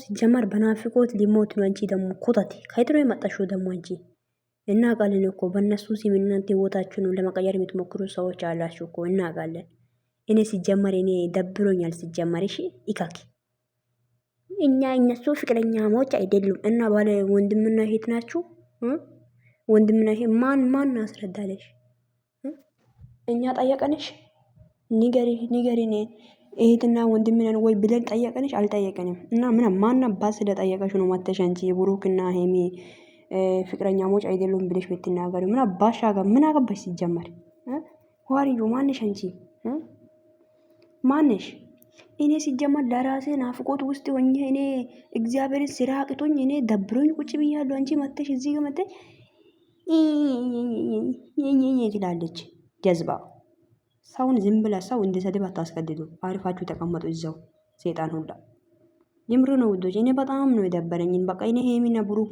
ሲጀመር በናፍቆት ሊሞት ነው እንጂ ደግሞ ኮተት ከየት ነው የመጣሽው? ደግሞ እንጂ እናውቃለን እኮ በእነሱ ሲም እናንተ ህይወታችሁን ለመቀየር የምትሞክሩ ሰዎች አላችሁ እኮ እናውቃለን። እኔ ሲጀመር እኔ ደብሮኛል ሲጀመር። እሺ ይካክ እኛ እነሱ ፍቅረኛሞች አይደሉም እና ባለ ወንድምና እህት ናችሁ። ወንድምና እህት ማን ማን አስረዳለሽ? እኛ ጠየቀንሽ? ንገሪ ንገሪ እህትና ወንድም ነን ወይ ብለን ጠየቀንሽ? አልጠየቀንም። እና ምን ማን አባት ስለጠየቀሽ ነው መተሽ አንቺ የቡሩክና ሄሚ ፍቅረኛሞች አይደሉም ብለሽ ብትናገሩ ምን አባሻ ጋር ምን አገባሽ? ሲጀመር ዋሪዮ ማንሽ? አንቺ ማንሽ? እኔ ሲጀመር ለራሴ ናፍቆት ውስጥ ሆኜ እኔ እግዚአብሔርን ስራ አቅቶኝ እኔ ደብሮኝ ቁጭ ብያለሁ። አንቺ መተሽ እዚህ መተሽ ትላለች ጀዝባ ሰውን ዝም ብለ ሰው እንደ እንዲሰድብ አታስገድዱ። አሪፋችሁ ተቀመጡ እዛው ሴጣን ሁላ የምር ነው ውዶች። እኔ በጣም ነው የደበረኝን። በቃ እኔ ሄሚና ብሩክ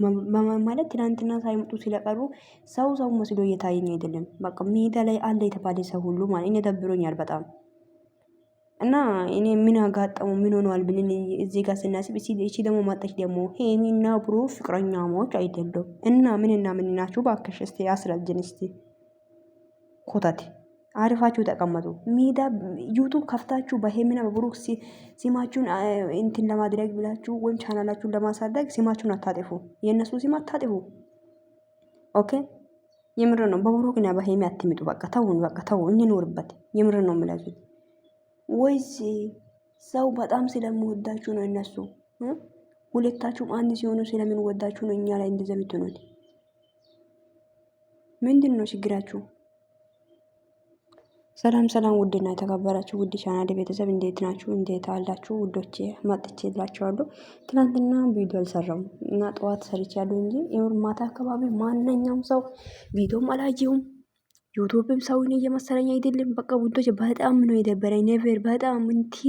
ማለት ትናንትና ሳይመጡ ስለቀሩ ሰው ሰው መስሎ እየታየኝ አይደለም። በቃ ሜዳ ላይ አለ የተባለ ሰው ሁሉ ማለት እኔ ደብሮኛል በጣም እና እኔ ምን አጋጠመው ምን ሆነዋል ብለን እዚህ ጋር ስናስብ፣ እቺ ደግሞ ማጠች ደግሞ ሄሚና ፍቅረኛ ፍቅረኛሞች አይደለም እና ምንና ምን ናችሁ? ባከሽ እስቲ አስረጅን እስቲ ኮታቴ አርፋችሁ ተቀመጡ። ሜዳ ዩቱብ ከፍታችሁ በሄምና በብሩክ ሲማችሁን እንትን ለማድረግ ብላችሁ ወይም ቻናላችሁን ለማሳደግ ሲማችሁን አታጥፉ። የእነሱ ሲም አታጥፉ። ኦኬ የምር ነው። በብሩክና በሄሚ አትሚጡ። በቃ ተውን፣ በቃ ተው፣ እንኖርበት። የምር ነው የምላችሁት። ወይስ ሰው በጣም ስለምወዳችሁ ነው እነሱ ሁለታችሁም አንድ ሲሆኑ ስለምንወዳችሁ ነው እኛ ላይ እንደዚያ የምትሆኑት። ምንድን ነው ችግራችሁ? ሰላም ሰላም ውድና የተከበራችሁ ውድ ቻናል ቤተሰብ እንዴት ናችሁ? እንዴት አላችሁ? ውዶቼ መጥቼ እላችኋለሁ። ትናንትና ቪዲዮ አልሰራሁም እና ጠዋት ሰርቻለሁ እንጂ ይሁን ማታ አካባቢ ማንኛውም ሰው ቪዲዮም አላየሁም ዩቱብም ሰውን እየመሰለኝ አይደለም። በቃ ውዶች በጣም ነው የደበረኝ። ነቨር በጣም እንቲ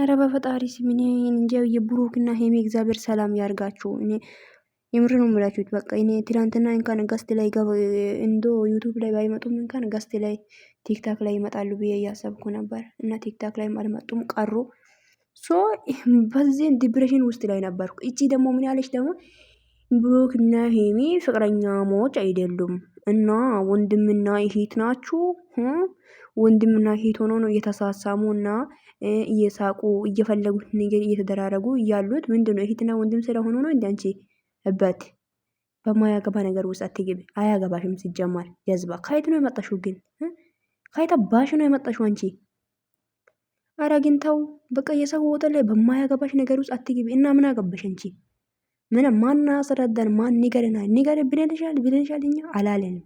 ኧረ በፈጣሪ ስም እኔ የብሩክና ሄሜ እግዚአብሔር ሰላም ያርጋችሁ እኔ የምር ነው የምላችሁት። በቃ እኔ ትናንትና እንኳን ገስት ላይ እንዶ ዩቱብ ላይ ባይመጡም እንኳን ገስት ላይ ቲክታክ ላይ ይመጣሉ ብዬ እያሰብኩ ነበር እና ቲክታክ ላይ አልመጡም ቀሩ። ሶ በዚህ ዲፕሬሽን ውስጥ ላይ ነበርኩ። እቺ ደግሞ ምን ያለች ደግሞ ብሩክ እና ሄሚ ፍቅረኛ ፍቅረኛሞች አይደሉም እና ወንድምና እህት ናችሁ። ወንድምና እህት ሆኖ ነው እየተሳሳሙ እና እየሳቁ እየፈለጉት ነገር እየተደራረጉ እያሉት ምንድነው? እህትና ወንድም ስለሆኑ ነው እንደ አንቺ በት በማያገባ ነገር ውስጥ አትግቢ። አያገባሽም። ሲጀማር ጀዝባ ከየት ነው የመጣሽው? ግን ከየት አባሽ ነው የመጣሽው አንቺ? አረ ግን ተው በቃ። የሰው ወጥ ላይ በማያገባሽ ነገር ውስጥ አትግቢ። እና ምን አገባሽ አንቺ? ምን ማና አስረዳን? ማን ንገርና ንገር ብለንሻል ብለንሻል። እኛ አላለንም።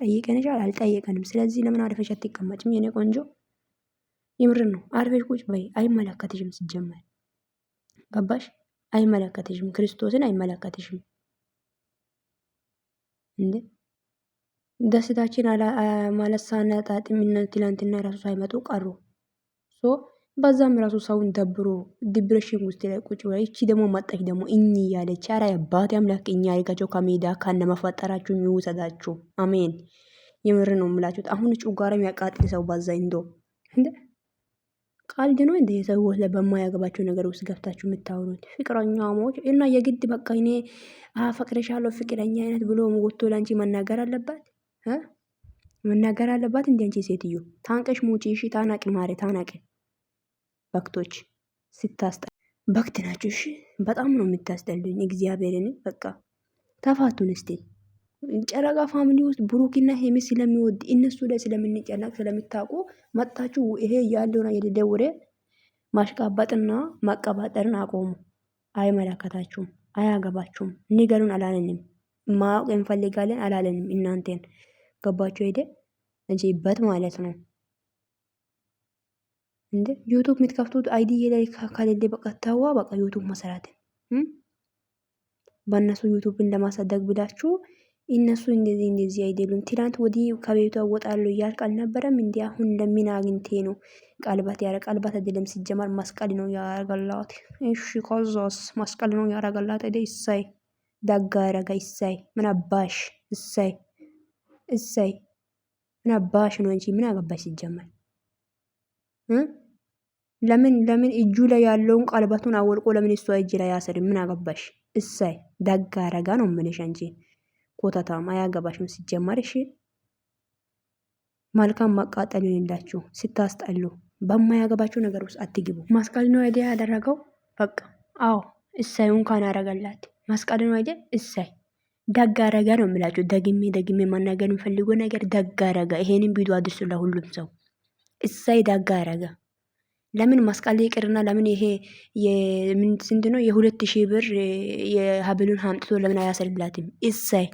ጠይቀንሻል አልጠየቀንም። ስለዚህ ለምን አርፈሽ አትቀመጭም? የኔ ቆንጆ የምር ነው። አርፈሽ ቁጭ በይ። አይመለከትሽም ሲጀመር ገባሽ? አይመለከትሽም፣ ክርስቶስን አይመለከትሽም። እንዴ ደስታችን ማለት ሳናጣጥም ትላንትና ራሱ ሳይመጡ ቀሩ። ሶ በዛም ራሱ ሰውን ደብሮ ዲፕሬሽን ውስጥ ላይ ቁጭ ብላ ይቺ ደግሞ መጣች ደግሞ እኚ ያለች። ኧረ አባቴ አምላክ እኛ ያድርጋቸው ከሜዳ ከነመፈጠራችሁ ይውሰዳችሁ። አሜን። የምር ነው የምላችሁት። አሁን ጩጋራ የሚያቃጥል ሰው ባዛ እንዶ እንዴ ቃል ግን እንደ የሰዎች በማያገባቸው ነገር ውስጥ ገብታችሁ የምታወሩት ፍቅረኛሞች እና የግድ በቃ እኔ አፈቅርሻለሁ ፍቅረኛ አይነት ብሎ ወጥቶ ለአንቺ መናገር አለባት መናገር አለባት። እንዲ አንቺ ሴትዮ ታንቀሽ ሙጪ። እሺ ታናቂ ማሬ ታናቂ። በክቶች ስታስጠ በክት ናችሁ። እሺ በጣም ነው የምታስጠሉኝ። እግዚአብሔርን በቃ ተፋቱን እስቴ ጨረቃ ፋሚሊ ውስጥ ብሩክና ሄሚ ስለሚወድ እነሱ ላይ ስለምንጨነቅ ስለሚታቁ መጣችሁ ይሄ ያለውና የሌለ ወሬ ማሽቃባጥና ማቀባጠርን አቆሙ። አይመለከታችሁም፣ አያገባችሁም፣ ንገሩን አላለንም። ማወቅ እንፈልጋለን አላለንም። እናንተን ገባችሁ ሄደ በት ማለት ነው እንዴ ዩቱብ የምትከፍቱት አይዲ ላይ ከሌለ በቃ ተዋ፣ በቃ ዩቱብ መሰራትን በእነሱ ዩቱብን ለማሳደግ ብላችሁ እነሱ እንደዚህ እንደዚህ አይደሉም። ትላንት ወዲ ከቤቷ ወጣለሁ እያልክ አልነበረም? እንዲ አሁን ለምን አግኝቴ ነው? ቀለበት ያረ ቀለበት አይደለም ሲጀመር መስቀል ነው ያረጋላት። እሺ ከዛስ መስቀል ነው ያረጋላት አይደ እሳይ ዳጋ ያረጋ እሳይ ምን አባሽ እሳይ እሳይ ምን አባሽ ነው እንጂ ምን አገባሽ ሲጀመር ለምን ለምን እጁ ላይ ያለውን ቀልባቱን አወልቆ ለምን እሷ እጅ ላይ ያሰር ምን አገባሽ? እሳይ ዳጋ ያረጋ ነው ምንሽ እንጂ ኮተታማ አያገባሽም። ሲጀመር እሺ፣ መልካም ማቃጠል ይሁንላችሁ። ስታስጠሉ በማያገባችሁ ነገር ውስጥ አትግቡ። መስቀል ነው አይዲያ ያደረገው። በቃ አዎ፣ እሳይ እንኳን አረገላት። መስቀል ነው አይዲያ እሳይ ደግ አረገ ነው የምላችሁ። ደግሜ ደግሜ መናገር የሚፈልገው ነገር ደግ አረገ። ይሄንን ቢዱ አድርሱ ለሁሉም ሰው። እሳይ ደግ አረገ። ለምን መስቀል ይቅርና ለምን ይሄ ስንት ነው የሁለት ሺህ ብር የሀብሉን ሀምጥቶ ለምን አያሰርላትም? እሳይ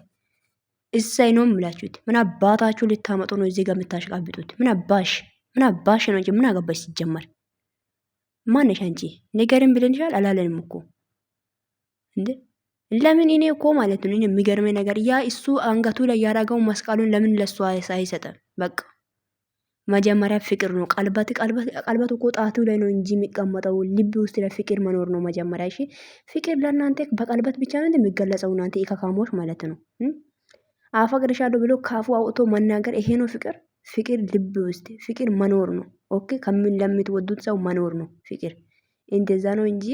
እሰይ ነው የምላችሁት። ምን አባታችሁ ልታመጡ ነው እዚህ ጋር የምታሽቃብጡት? ምን አባሽ ምን አባሽ ነው እንጂ ምን አገባሽ ሲጀመር? ማነሽ አንቺ? ንገሪን ብለንሻል አላለንም እኮ እንዴ። ለምን እኔ እኮ ማለት ነው የሚገርመኝ ነገር ያ እሱ አንገቱ ላይ ያደረገው መስቀሉን ለምን ለሱ አይሰጠም? በቃ መጀመሪያ ፍቅር ነው። ቀልባት ቀልባት እኮ ጣቱ ላይ ነው እንጂ የሚቀመጠው ልብ ውስጥ ለፍቅር መኖር ነው መጀመሪያ። እሺ ፍቅር ለእናንተ በቀልባት ብቻ ነው የሚገለጸው እናንተ ኢካካሞች ማለት ነው። አፋ ገረሻለሁ ብሎ ካፉ አውጥቶ መናገር ይሄ ነው ፍቅር? ፍቅር ልብ ውስጥ ፍቅር መኖር ነው። ኦኬ ከምን ለምትወዱት ሰው መኖር ነው ፍቅር። እንደዛ ነው እንጂ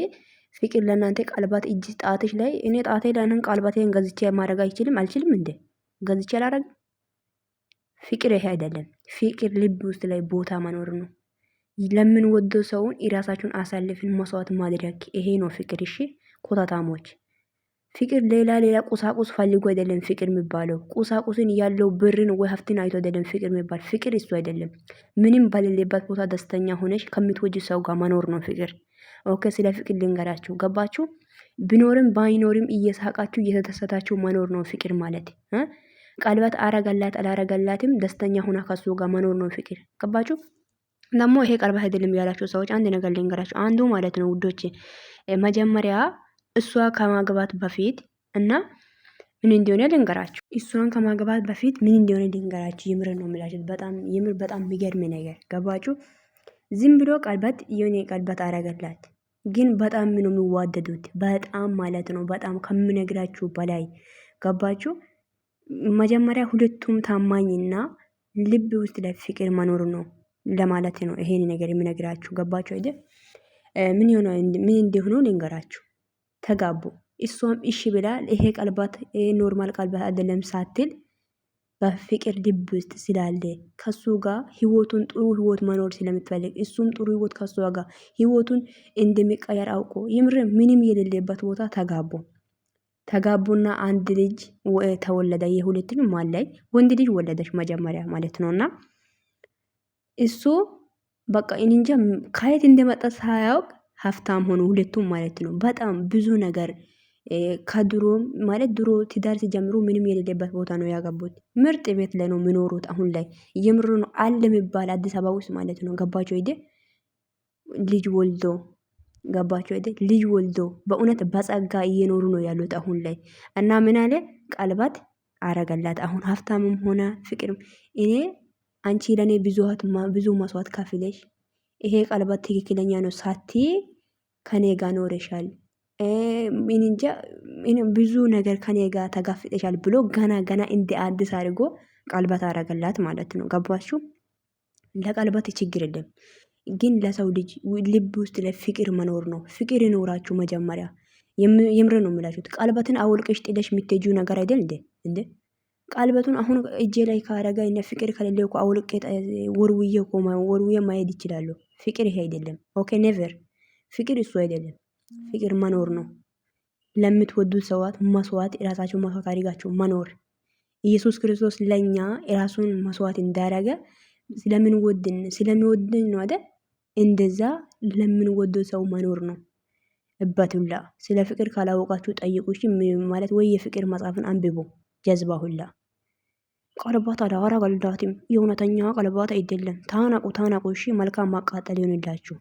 ፍቅር ለእናንተ ቀለባት እጅ ጣትሽ ላይ እኔ ጣቴ ላንን ቀለባቴን ገዝቼ ማድረግ አይችልም አልችልም እንዴ ገዝቼ አላረግ። ፍቅር ይሄ አይደለም። ፍቅር ልብ ውስጥ ላይ ቦታ መኖር ነው። ለምን ወደ ሰውን የራሳችሁን አሳልፍን መስዋዕት ማድረግ ይሄ ነው ፍቅር። እሺ ኮታታሞች ፍቅር ሌላ ሌላ ቁሳቁስ ፈልጎ አይደለም ፍቅር የሚባለው። ቁሳቁስን ያለው ብርን ወይ ሀብትን አይቶ አይደለም ፍቅር የሚባል ፍቅር እሱ አይደለም። ምንም በሌለበት ቦታ ደስተኛ ሆነሽ ከምትወጅ ሰው ጋር መኖር ነው ፍቅር። ኦኬ፣ ስለ ፍቅር ልንገራችሁ። ገባችሁ? ቢኖርም ባይኖርም እየሳቃችሁ እየተደሰታችሁ መኖር ነው ፍቅር ማለት። ቀለበት አረገላት አላረገላትም ደስተኛ ሆና ከሱ ጋር መኖር ነው ፍቅር። ገባችሁ? ደግሞ ይሄ ቀለበት አይደለም ያላችሁ ሰዎች አንድ ነገር ልንገራችሁ። አንዱ ማለት ነው ውዶች መጀመሪያ እሷ ከማግባት በፊት እና ምን እንዲሆነ ልንገራችሁ። እሷን ከማግባት በፊት ምን እንዲሆነ ልንገራችሁ። የምር ነው የምላችሁት። በጣም የምር በጣም የሚገርም ነገር ገባችሁ። ዝም ብሎ ቀልበት የሆነ ቀልበት አረገላት፣ ግን በጣም ነው የሚዋደዱት። በጣም ማለት ነው በጣም ከምነግራችሁ በላይ ገባችሁ። መጀመሪያ ሁለቱም ታማኝና ልብ ውስጥ ላይ ፍቅር መኖር ነው ለማለት ነው ይሄን ነገር የምነግራችሁ። ገባችሁ አይደል? ምን ሆነ ምን እንዲሆኑ ልንገራችሁ ተጋቡ። እሷም እሺ ብላ ይሄ ቀልባት ይሄ ኖርማል ቀልባት አይደለም ሳትል በፍቅር ልብ ውስጥ ስላለ ከሱ ጋር ህይወቱን ጥሩ ህይወት መኖር ስለምትፈልግ እሱም ጥሩ ህይወት ከሱ ጋር ህይወቱን እንደሚቀየር አውቆ ይምር ምንም የሌለበት ቦታ ተጋቡ። ተጋቡና አንድ ልጅ ተወለደ። የሁለቱም ማላይ ወንድ ልጅ ወለደች መጀመሪያ ማለት ነውና እሱ በቃ እንጃ ከየት እንደመጣ ሳያውቅ ሀብታም ሆኑ ሁለቱም ማለት ነው። በጣም ብዙ ነገር ከድሮ ማለት ድሮ ትዳር ሲጀምሩ ምንም የሌለበት ቦታ ነው ያገቡት። ምርጥ ቤት ላይ ነው የሚኖሩት። አሁን ላይ የምር ነው አለ የሚባል አዲስ አበባ ውስጥ ማለት ነው። ገባቸው ሄደ ልጅ ወልዶ ገባቸው ሄደ ልጅ ወልዶ በእውነት በጸጋ እየኖሩ ነው ያሉት አሁን ላይ እና ምን አለ ቀለበት አረገላት። አሁን ሀብታምም ሆነ ፍቅርም እኔ አንቺ ለእኔ ብዙ መስዋዕት ከፍለሽ ይሄ ቀለበት ትክክለኛ ነው ሳቲ ከኔ ጋ ኖረሻል፣ ምን እንጃ ብዙ ነገር ከኔ ጋር ተጋፍጠሻል ብሎ ገና ገና እንደ አዲስ አድርጎ ቀለበት አረገላት ማለት ነው። ገባችሁ? ለቀለበት ችግር የለም፣ ግን ለሰው ልጅ ልብ ውስጥ ለፍቅር መኖር ነው። ፍቅር ይኖራችሁ መጀመሪያ። የምር ነው የምላችሁት። ቀለበትን አውልቀሽ ጥለሽ የምትጁ ነገር አይደል እንዴ? እንዴ ቀለበቱን አሁን እጄ ላይ ካረገ እና ፍቅር ከሌለ አውልቄ ወርውዬ ወርውዬ ማሄድ ይችላሉ። ፍቅር ይሄ አይደለም። ኦኬ ኔቨር ፍቅር እሱ አይደለም። ፍቅር መኖር ነው። ለምትወዱት ሰዋት መስዋዕት የራሳቸው መስዋዕት አድርጋችሁ መኖር ኢየሱስ ክርስቶስ ለእኛ የራሱን መስዋዕት እንዳረገ ስለምንወድን ስለሚወድን ነው አይደል? እንደዛ ለምንወደው ሰው መኖር ነው። እበቱላ ስለ ፍቅር ካላወቃችሁ ጠይቁ። እሺ ማለት ወይ የፍቅር መጽሐፍን አንብቦ ጀዝባ ሁላ ቀለባት አዳራ ቀልዳትም የእውነተኛ ቀለባት አይደለም። ታናቁ ታናቁ። እሺ መልካም ማቃጠል ይሆንላችሁ።